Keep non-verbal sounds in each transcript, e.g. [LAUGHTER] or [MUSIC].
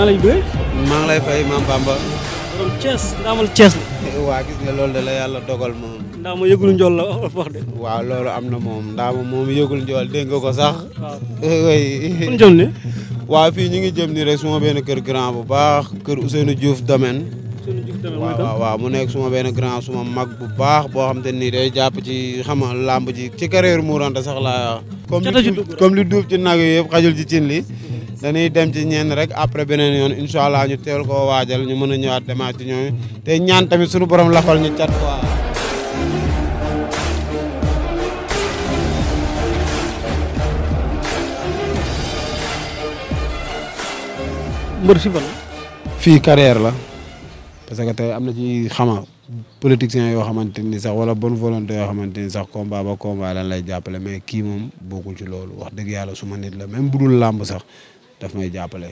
maa lay bëgg. maa ngi lay fay maam Bamba. borom eh, waa gis nga loolu de la yàlla dogal moom. ndaama yëgul njool la wax de. waaw loolu am na moom ndaama moom yëgul njool dégg nga ko sax. waaw [LAUGHS] eh, oui. fan jëm ne. waaw fii ñu ngi jëm ni rek suma benn kër grand bu baax kër Ousseynou Diouf domaine. Ousseynou Diouf mu nekk suma benn grand suma mag bu baax boo xam te ni day jàpp ci xam làmb ji ci carrière Mourante sax laa. comme li duub ci nag yëpp xajul ci cin li. dañuy dem ci ñeen rek après beneen yoon incha allah ñu teel koo waajal ñu mën a ñëwaat demaat ci ñoom te ñaan tamit sunu borom lafal ñu cat quoi. mbër si fan fii carrière la parce que te am na ci xama politiciens yoo xamante ni sax wala bonne volonté yoo xamante ni sax combat ba combat lan lay jàppale mais kii moom bokkul ci loolu wax dëgg yàlla suma nit la même budul dul làmb sax daf may jàppale.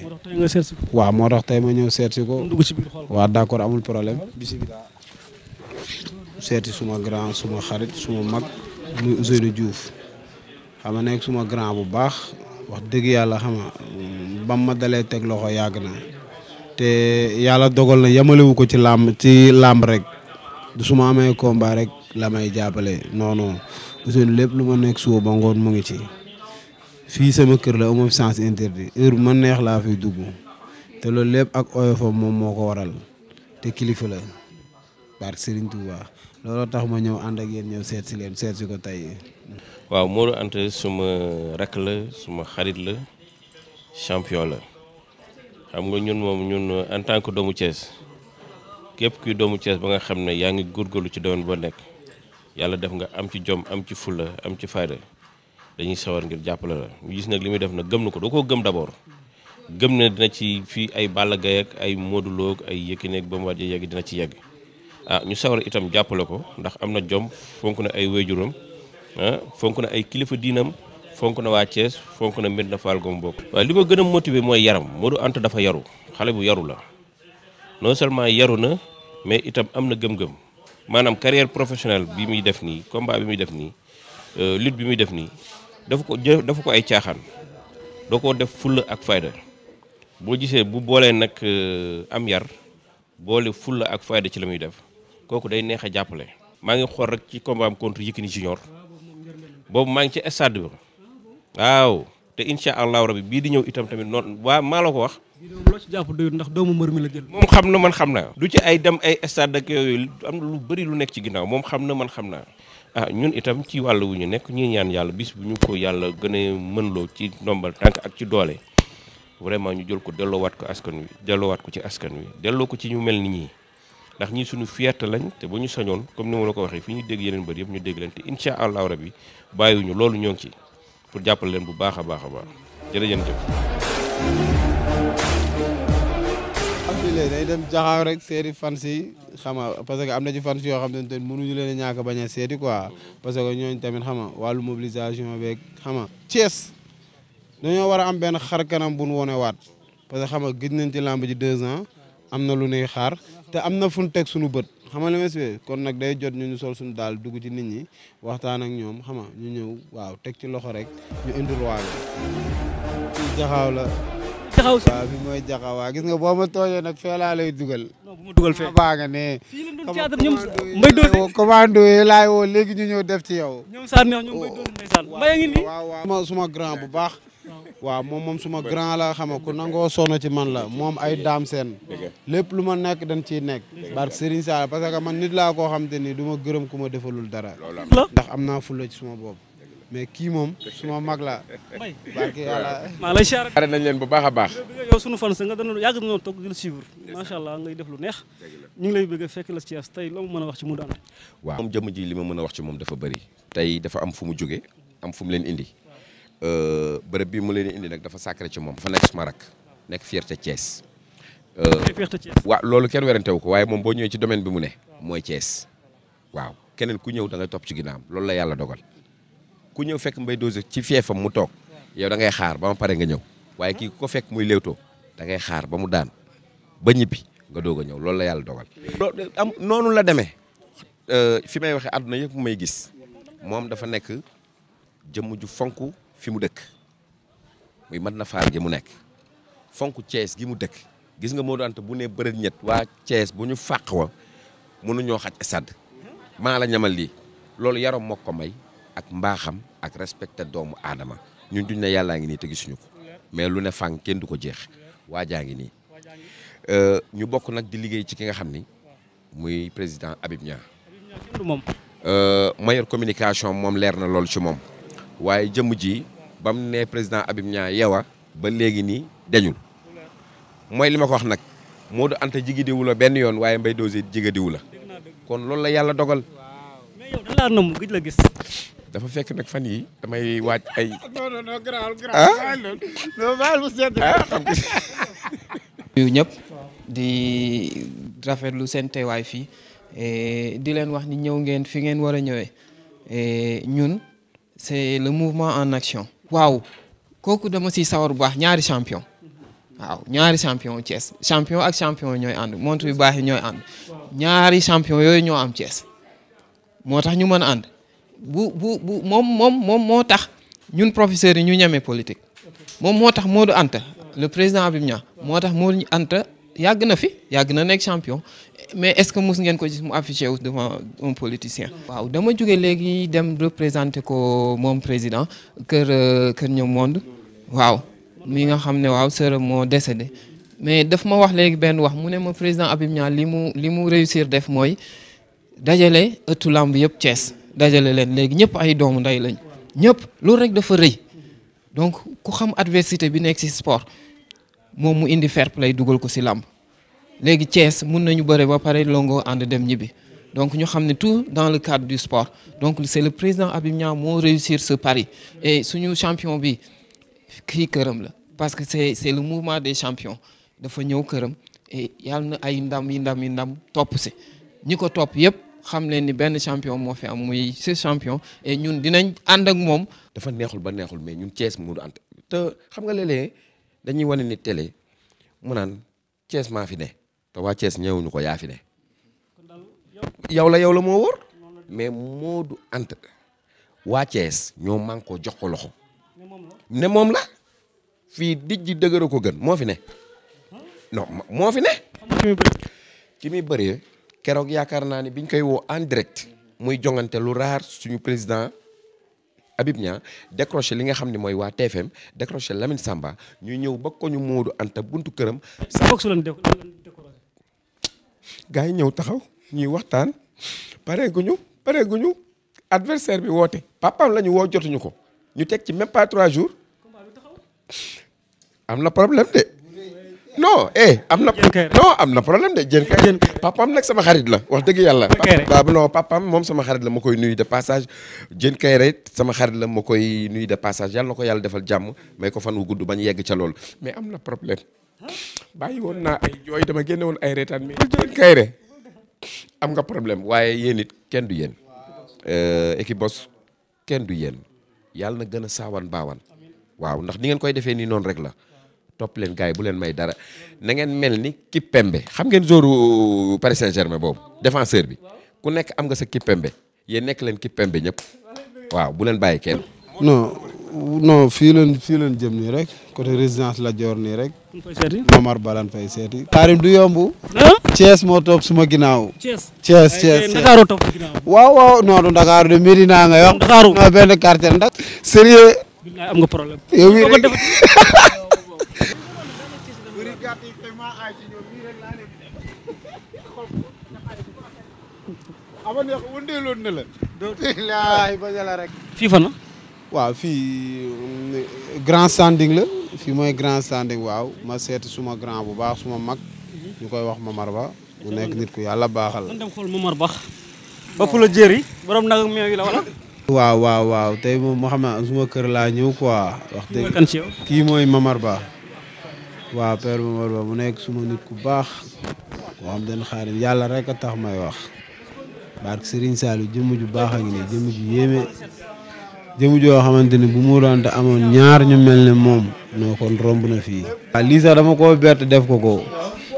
waaw moo tax tey ma ñëw seet si ko. waaw d'accord amul problème. bisimilah. seeti suma grand suma xarit suma mag muy Ousseynou Diouf xam nekk suma grand bu baax wax dëgg yàlla xam bam ma dalee teg loxo yàgg na te yàlla dogal na yamalewu ko ci làmb ci làmb rek du suma amee combat rek la may jàppale noonu non Ousseynou lépp lu ma nekk suba ba ngoon mu ngi ci. fii sama kër la amoo sens interdit heure bu ma neex laa fiy dugg te loolu lépp ak oyofam moom moo ko waral te kilifa la par Serigne Touba looloo tax ma ñëw ànd ak yéen ñëw seet si leen seet si ko tey. waaw Modou Anta suma rakk la suma xarit la champion la xam nga ñun moom ñun en tant que doomu Thiès képp kuy doomu Thiès ba nga xam ne yaa ngi góorgóorlu ci doon ba nekk yàlla def nga am ci jom am ci fulla am ci fayda dañuy sawar ngir jàppale la ñu gis nag li muy def nag gëm na ko da koo gëm d'abord gëm ne dina ci fii ay Balla ay ak ay Modou Lo ak ay Yékini ak Bombardier yegg dina ci yegg ah ñu sawar itam jàppale ko ndax am na jom fonk na ay wéjuram ah fonk na ay kilifa diinam fonk na waa Thiès fonk na Medina Fall gom bokk waaw li ma gën a motiver mooy yaram Modou Anta dafa yaru xale bu yaru la non seulement yaru na mais itam am na gëm-gëm maanaam carrière professionnelle bi muy def nii combat bi muy def nii euh, lutte bi muy def nii dafa ko dafa ko ay caaxaan doo ko def fulla ak fayda boo gisee bu boolee nag euh, am yar boole fulla ak fayda ci la muy def kooku day neex a jàppale. maa ngi xool rek ci combat am contre Yékini Junior boobu maa ngi ci stade bi waaw te incha allahu rabi bii di ñëw itam tamit noonu waa maa la ko wax. loo ci jàpp doyut ndax doomu mbër mi la jël. moom xam na man xam na du ci ay dem ay stade ak yooyu am lu bari lu nekk ci ginnaaw moom xam na man xam na ah ñun itam ci wàll wu ñu nekk ñuy ñaan yàlla bis bu ñu ko yàlla gën a loo ci ndombal tànk ak ci doole vraiment ñu jël ko delloowaat ko askan wi waat ko ci askan wi delloo ko ci ñu mel ni ñii ndax ñii suñu fierté lañ te bu ñu sañoon comme ni ma la ko waxee fii ñu dégg yeneen mbër yëpp ñu dégg leen te incha allahu rabi bàyyiwuñu loolu ñoo ngi ci pour jàppal leen bu baax a baax a baax jërëjëf. léegi dañuy dem jaxaaw rek seeti fans yi xam nga parce que am na ci fans yoo xam ne mënuñu leen a ñàkk bañ a seeti quoi parce que ñooñu tamit xam nga wàllu mobilisation beeg xam nga Thiès dañoo war a am benn xar kanam bu nu wone waat parce que xam nga gis nañ ci làmb ji deux ans am na lu nuy xaar te am na fu ñu teg suñu bët xam nga li kon nag day jot ñu ñu sol suñu daal dugg ci nit ñi waxtaan ak ñoom xam ñu ñëw waaw teg ci loxo rek ñu indil waale. jaxaaw la. jaxaw gis nga boo ma tooñee nag fee laa lay dugal. non bu ma dugal fee baa nga ne. fii laay woo léegi ñu def ci yow. ñoom suma grand bu baax. waaw moom moom suma grand la xam nga ku nangoo sonn ci man la moom ay daam seen lépp lu ma nekk dañ ciy nekk barke Serigne Sall parce que man nit laa koo xam te ni du ma gërëm ku ma defalul dara ndax am naa fulla ci suma bopp mais kii moom suma mag la barke yàlla maa lay siyaare nañ leen bu baax a baax yow sunu fan sa nga dana yàgg dañoo toog di la macha allah ngay def lu neex ñu ngi lay bëgg a la Thiès tey loo mën a wax ci mu daan waaw moom jëmm ji li ma mën a wax ci moom dafa bëri tey dafa am fu mu jóge am fu leen indi euh, bërëb bi mu leen indi nag dafa sacré ci moom dafa nekk suma rak euh, nekk fierté Thiès waaw loolu kenn werante wu ko waaye moom boo ñëwee ci domaine bi mu ne mooy Thiès waaw keneen ku ñëw da ngay topp ci ginnaam loolu la yàlla dogal ku ñëw fekk mbay Dozé ci fiefam mu toog yow da ngay xaar ba ma pare nga ñëw waaye kii ko fekk muy léewtoo da ngay xaar ba mu daan ba ñibbi nga doog a ñëw loolu la yàlla dogal. noonu la demee euh, fi may waxee àdduna yëpp may gis moom dafa nekk jëmm ju fonk fi mu dëkk muy na faar gi mu nekk fonk Thiès gi mu dëkk gis nga moo doon bu ne bëreet ñett waa Thiès bu ñu fàq wa mënuñoo xaj stade maa la ñamal lii loolu yaram moo ko may. ak mbaaxam ak respecté doomu aadama ñun duñ ne yàllaa ngi nii te gisuñu ko mais lu ne fànn kenn du ko jeex waa jaa ngi nii euh, ñu bokk nag di liggéey ci ki nga xam ni muy président Habib Niang moom euh, mayor communication moom leer na lool ci moom waaye jëmm ji ba mu ne président Habib Niang yewa ba léegi nii dañul mooy li ma ko wax nag Modou Anta jigéediwu la benn yoon waaye Mbaye Dozé jigéediwu la kon loolu la yàlla dogal. dafa fekk nag fan yi damay waaj ay. [LAUGHS] non non non grand grand. ah mu sedd. ah xam nga. [LAUGHS] nuyu ñëpp di rafetlu seen waay fii eh, di leen wax ni ñëw ngeen fi ngeen war a ñëwee eh, ñun c'est le mouvement en action. waaw kooku dama si sawar bu baax ñaari champion waaw ñaari champion Thiès champion ak champion ñooy ànd montre yu baax yi ñooy ànd ñaari champion yooyu ñoo am Thiès moo tax ñu mën a ànd. bu bu bu moom moom moom moo tax ñun professeurs yi ñu ñeme politique moom moo tax Modou Anta le président Habib Niang moo tax Modou Anta yàgg na fi yàgg na nekk champion mais est-ce que mus ngeen ko gis mu affiché wu devant un politicien. waaw dama jóge léegi dem représenté ko moom président kër euh, kër ñoom monde waaw mi nga xam ne waaw sœur moo décédé mais daf ma wax léegi benn wax mu ne ma président Habib Niang li mu li mu réussir def mooy dajale ëttu làmb yëpp Thiès. dajale leen léegi ñëpp ay doomu nday lañ ñëpp loolu rek dafa rëy donc ku xam adversité bi nekk si sport moom mu indi fair play dugal ko si làmb léegi cees mun nañu bëre ba pare longo ànd dem ñibbi donc ñu xam ne tout dans le cadre du sport donc c'est le président Habib Niang moo réussir ce pari et suñu champion bi kii këram la parce que c'est c'est le mouvement des champions dafa ñëw këram et yàlla na ay ndam yi yi ndam topp si ñi ko topp yëpp. xam leen ni benn champion moo fi am muy champion et ñun dinañ ànd ak moom. dafa neexul ba neexul mais ñun Thiès mu ànd te xam nga léeg-léeg dañuy wane ni télé mu naan Thiès maa fi ne te waa Thiès ko yaa ne. yow la yow la moo wóor. mais Modou Anta ñoo man ko jox ko loxo. ne moom la. fii dijj dëgër ko gën moo fi ne. non moo fi ne. ki muy bëree keroog yaakaar naa ne biñ koy woo en muy jongante lu raar suñu président Habib Niang décroché li nga xam ni mooy waa TFM décroché Lamine Samba ñu ñëw ba ko ñu Moodu Anta buntu këram. gaa yi ñëw taxaw ñuy waxtaan pare guñu pare guñu adversaire bi woote papaam la ñu woo jotuñu ko ñu teg ci même pas trois jours am na problème de. non eh am na. am na problème de jën kay. nag sama xarit la wax dëgg yàlla. waaw non papaam moom sama xarit la ma koy nuy de passage. jën kay rek sama xarit la ma koy nuyu de passage yàlla na ko yàlla defal jàmm may ko fan wu gudd bañ yegg ca loolu mais am na problème bàyyi woon na ay dama génne woon ay reetaan mais jën kay am nga problème waaye yéen it kenn du yéen. Equivox euh, kenn du yéen yàlla na gën a saawan baawan waaw ndax ni ngeen koy defee nii noonu rek la. topp leen gars yi bu leen may dara na ngeen mel ni Kimpembe xam ngeen joueur euh, Paris Saint-Germain boobu défenseur bi ku nekk am nga sa Kimpembe yéen nekk leen Kimpembe ñëpp waaw bu leen bàyyi kenn. non non fii leen fii leen jëm nii rek côté résidence la Dior nii rek. Momar Balan fay seeti. Karim du yomb. Ah? Thiès moo topp suma ginnaaw. Thiès Thiès Thiès. Ndakaaru topp waaw waaw non du Ndakaaru de Medina nga wax. Ndakaaru non quartier ndax. sérieux. [LAUGHS] ko neex wëndeeloon na waaw fii mm, grand standing la. fii mooy grand standing waaw ma seeti suma grand bu baax suma mag. ñu koy wax Mamar Ba. mu nekk nit ku yàlla baaxal la. dem xool Mamar Ba. ëpp la jéeri borom nag ak meew la wala. waaw waaw waaw tey moom moo xam suma kër laa ñëw quoi. wax dëgg kii mooy Mamar Ba. waaw père Mamar Ba mu nekk suma nit ku baax. koo xam den xaarim yàlla rek a tax may wax. barke Serigne Saliou jëmm ju baax a ngi nii jëmm ju yéeme jëmm joo xamante ni bu mu doon amoon ñaar ñu mel ne moom noo kon romb na fii. waaw lii sax dama koo bert def ko ko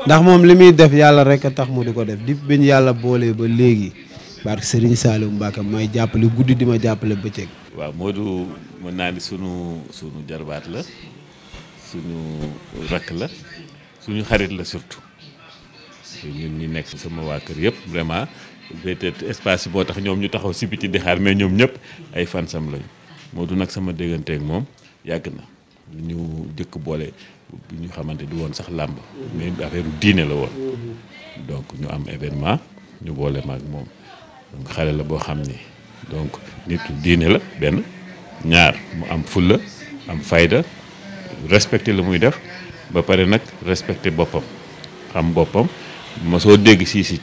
ndax moom li muy def yàlla rek a tax mu di ko def di biñ yàlla boolee ba léegi barke Serigne Saliou Mbacke may jàppale guddi di ma jàppale bëccëg. waaw Modou mën naa ni sunu sunu jarbaat la sunu rakk la suñu xarit la surtout ñun ñi nekk sama waa kër yëpp vraiment. peut espace yi boo tax ñoom ñu taxaw si biti di xaar mais ñoom ñëpp ay fansam lañu moo du nag sama déggante ak moom yàgg na lu ñu jëkk boole bu ñu xamante di woon sax làmb mais affaire diine la woon donc ñu am événement ñu boole ma ak moom xale la boo xam ni donc nitu diine la benn ñaar mu am fulla am fayda respecté la muy def ba pare nag respecté boppam xam boppam ma soo dégg sii si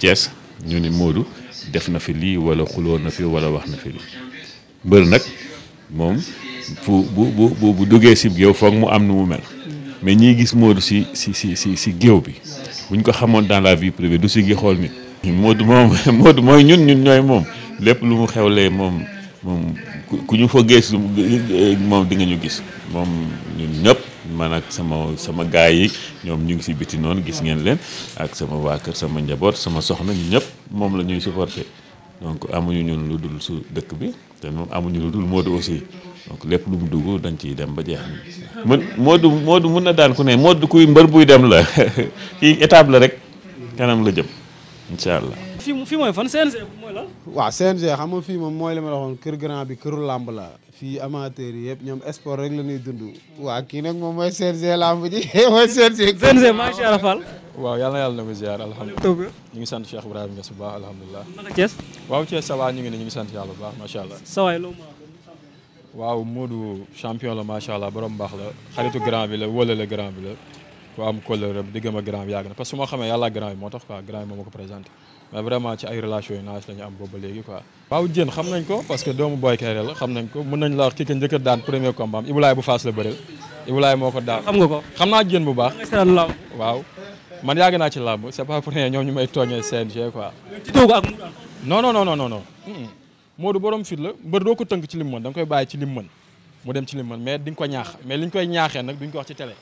ñu ni moodu def na fi lii wala xuloo na fi wala wax na fi lii mbër nag moom fu bu bu bu bu duggee si géew foog mu am nu mu mel mais ñiy gis Modou si si si si si géew bi buñ ko xamoon dans la vie privée du si gi xool nit. Modou moom [LAUGHS] Modou mooy ñun ñun ñooy moom lépp lu mu xewlee moom moom ku ñu fa gis moom di ñu gis moom ñun ñëpp. man ak sama sama gaay yi ñoom ñu ngi si biti noonu gis ngeen leen ak sama waa kër sama njaboot sama soxna ñu ñëpp moom la ñuy supporté donc amuñu ñun lu dul su dëkk bi te moom amuñu lu dul du aussi donc lépp lu mu dugg dañ ciy dem ba jeex mën moo du mun na daan ku ne moo du kuy mbër buy dem la [LAUGHS] kii étape la rek kanam la jëm. incha allah. fii fii mooy fan waaw xam nga fii moom mooy li ma la waxoon kër grand bi këru làmb la. fii amateur yi yëpp ñoom sport rek la ñuy dund. waa kii nag moom mooy CNG lamb ji [LAUGHS] mooy CNG. CNG maa ngi ziar yàlla na yàlla na ko ziar alhamdulilah. ñu ngi sant Cheikh Ibrahima Niass bu baax alhamdulilah. naka Thiès. waaw Thiès ça ñu ngi ne ñu ngi sant yàlla bu baax macha allah. sa waay loo waaw Modou champion la macha allah borom baax la xaritu grand bi la wóole la bi la. ku am couleur diggam ak grand bi yàgg na parce que moo xamee yàlla grand bi moo tax quoi grand bi moom ma ko présenté mais vraiment ci ay relation yu naaj la ñu am boobu léegi quoi waaw jén xam nañ ko parce que doomu Boy Kayré la xam nañ ko mën nañ la wax kii ka njëkk a daan premier combat am Ibulaay bu Faas la bëreel Ibulaay moo ko daan xam nga ko xam naa jén bu baax waaw man yàgg naa ci làmb c'est pas pour rien ñoom ñu may tooñee CNG quoi non non non non non Modou borom fit la mbër doo ko tënk ci li mu mën da nga koy bàyyi ci li mu mën mu dem ci li mu mën mais di nga ko ñaax mais li ñu koy ñaaxee nag duñ ko wax ci télé